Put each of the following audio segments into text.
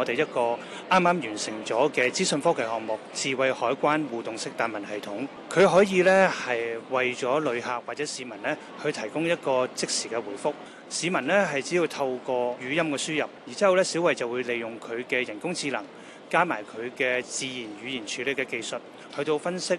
我哋一個啱啱完成咗嘅資訊科技項目——智慧海關互動式答問系統，佢可以咧係為咗旅客或者市民咧去提供一個即時嘅回覆。市民咧係只要透過語音嘅輸入，而之後咧小慧就會利用佢嘅人工智能加埋佢嘅自然語言處理嘅技術去到分析。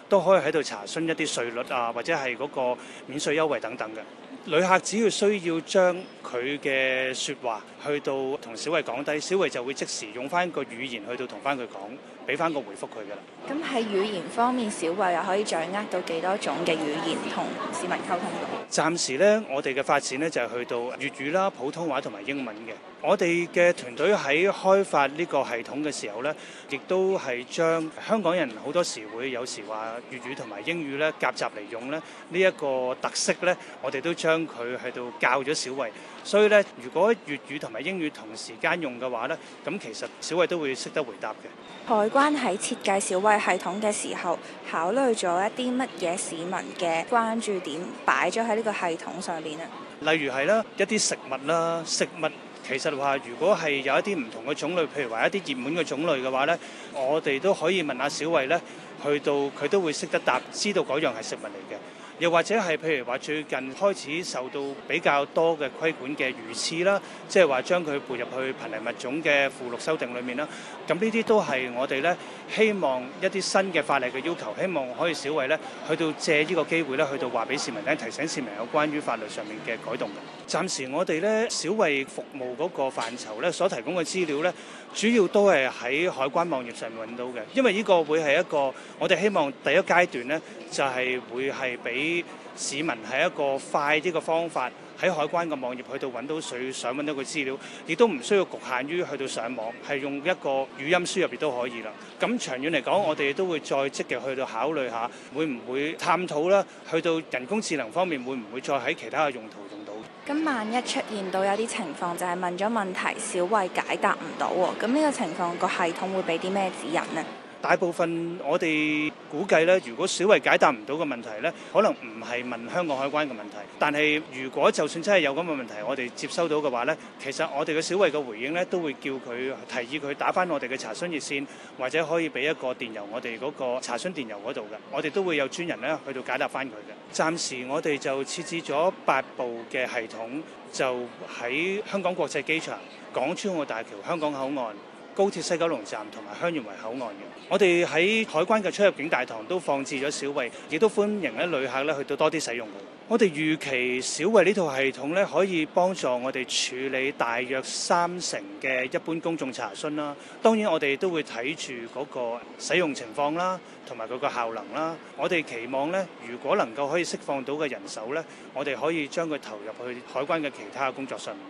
都可以喺度查詢一啲稅率啊，或者係嗰個免稅優惠等等嘅。旅客只要需要將佢嘅說話去到同小慧講低，小慧就會即時用翻個語言去到同翻佢講，俾翻個回覆佢㗎啦。咁喺語言方面，小慧又可以掌握到幾多種嘅語言同市民溝通？暫時咧，我哋嘅發展咧就係去到粵語啦、普通話同埋英文嘅。我哋嘅團隊喺開發呢個系統嘅時候咧，亦都係將香港人好多時會有時話。粵語同埋英語咧，夾雜嚟用咧，呢一個特色咧，我哋都將佢喺度教咗小慧。所以咧，如果粵語同埋英語同時間用嘅話咧，咁其實小慧都會識得回答嘅。海關喺設計小慧系統嘅時候，考慮咗一啲乜嘢市民嘅關注點，擺咗喺呢個系統上邊啊？例如係啦，一啲食物啦，食物。其實話，如果係有一啲唔同嘅種類，譬如話一啲熱門嘅種類嘅話，呢我哋都可以問下小慧，呢去到佢都會識得答，知道嗰樣係食物嚟嘅。又或者係譬如話，最近開始受到比較多嘅規管嘅魚翅啦，即係話將佢撥入去《瀕危物種嘅附錄》修訂裏面啦。咁呢啲都係我哋呢希望一啲新嘅法例嘅要求，希望可以小慧呢去到借呢個機會呢，去到話俾市民聽，提醒市民有關於法律上面嘅改動。暫時我哋呢小慧服務嗰個範疇呢，所提供嘅資料呢，主要都係喺海關網頁上面揾到嘅，因為呢個會係一個我哋希望第一階段呢就係會係俾啲市民係一個快啲嘅方法，喺海關嘅網頁去到揾到水，想揾到個資料，亦都唔需要局限於去到上網，係用一個語音輸入亦都可以啦。咁長遠嚟講，嗯、我哋都會再積極去到考慮下，會唔會探討啦？去到人工智能方面，會唔會再喺其他嘅用途用到？咁萬一出現到有啲情況，就係、是、問咗問題，小慧解答唔到喎，咁呢個情況、這個系統會俾啲咩指引呢？大部分我哋估計咧，如果小慧解答唔到嘅問題咧，可能唔係問香港海關嘅問題。但係如果就算真係有咁嘅問題，我哋接收到嘅話咧，其實我哋嘅小慧嘅回應咧，都會叫佢提議佢打翻我哋嘅查詢熱線，或者可以俾一個電郵我哋嗰個查詢電郵嗰度嘅。我哋都會有專人咧去到解答翻佢嘅。暫時我哋就設置咗八部嘅系統，就喺香港國際機場、港珠澳大橋、香港口岸。高鐵西九龍站同埋香園圍口岸嘅，我哋喺海關嘅出入境大堂都放置咗小慧，亦都歡迎咧旅客咧去到多啲使用。我哋預期小慧呢套系統咧，可以幫助我哋處理大約三成嘅一般公眾查詢啦。當然，我哋都會睇住嗰個使用情況啦，同埋嗰個效能啦。我哋期望咧，如果能夠可以釋放到嘅人手咧，我哋可以將佢投入去海關嘅其他工作上面。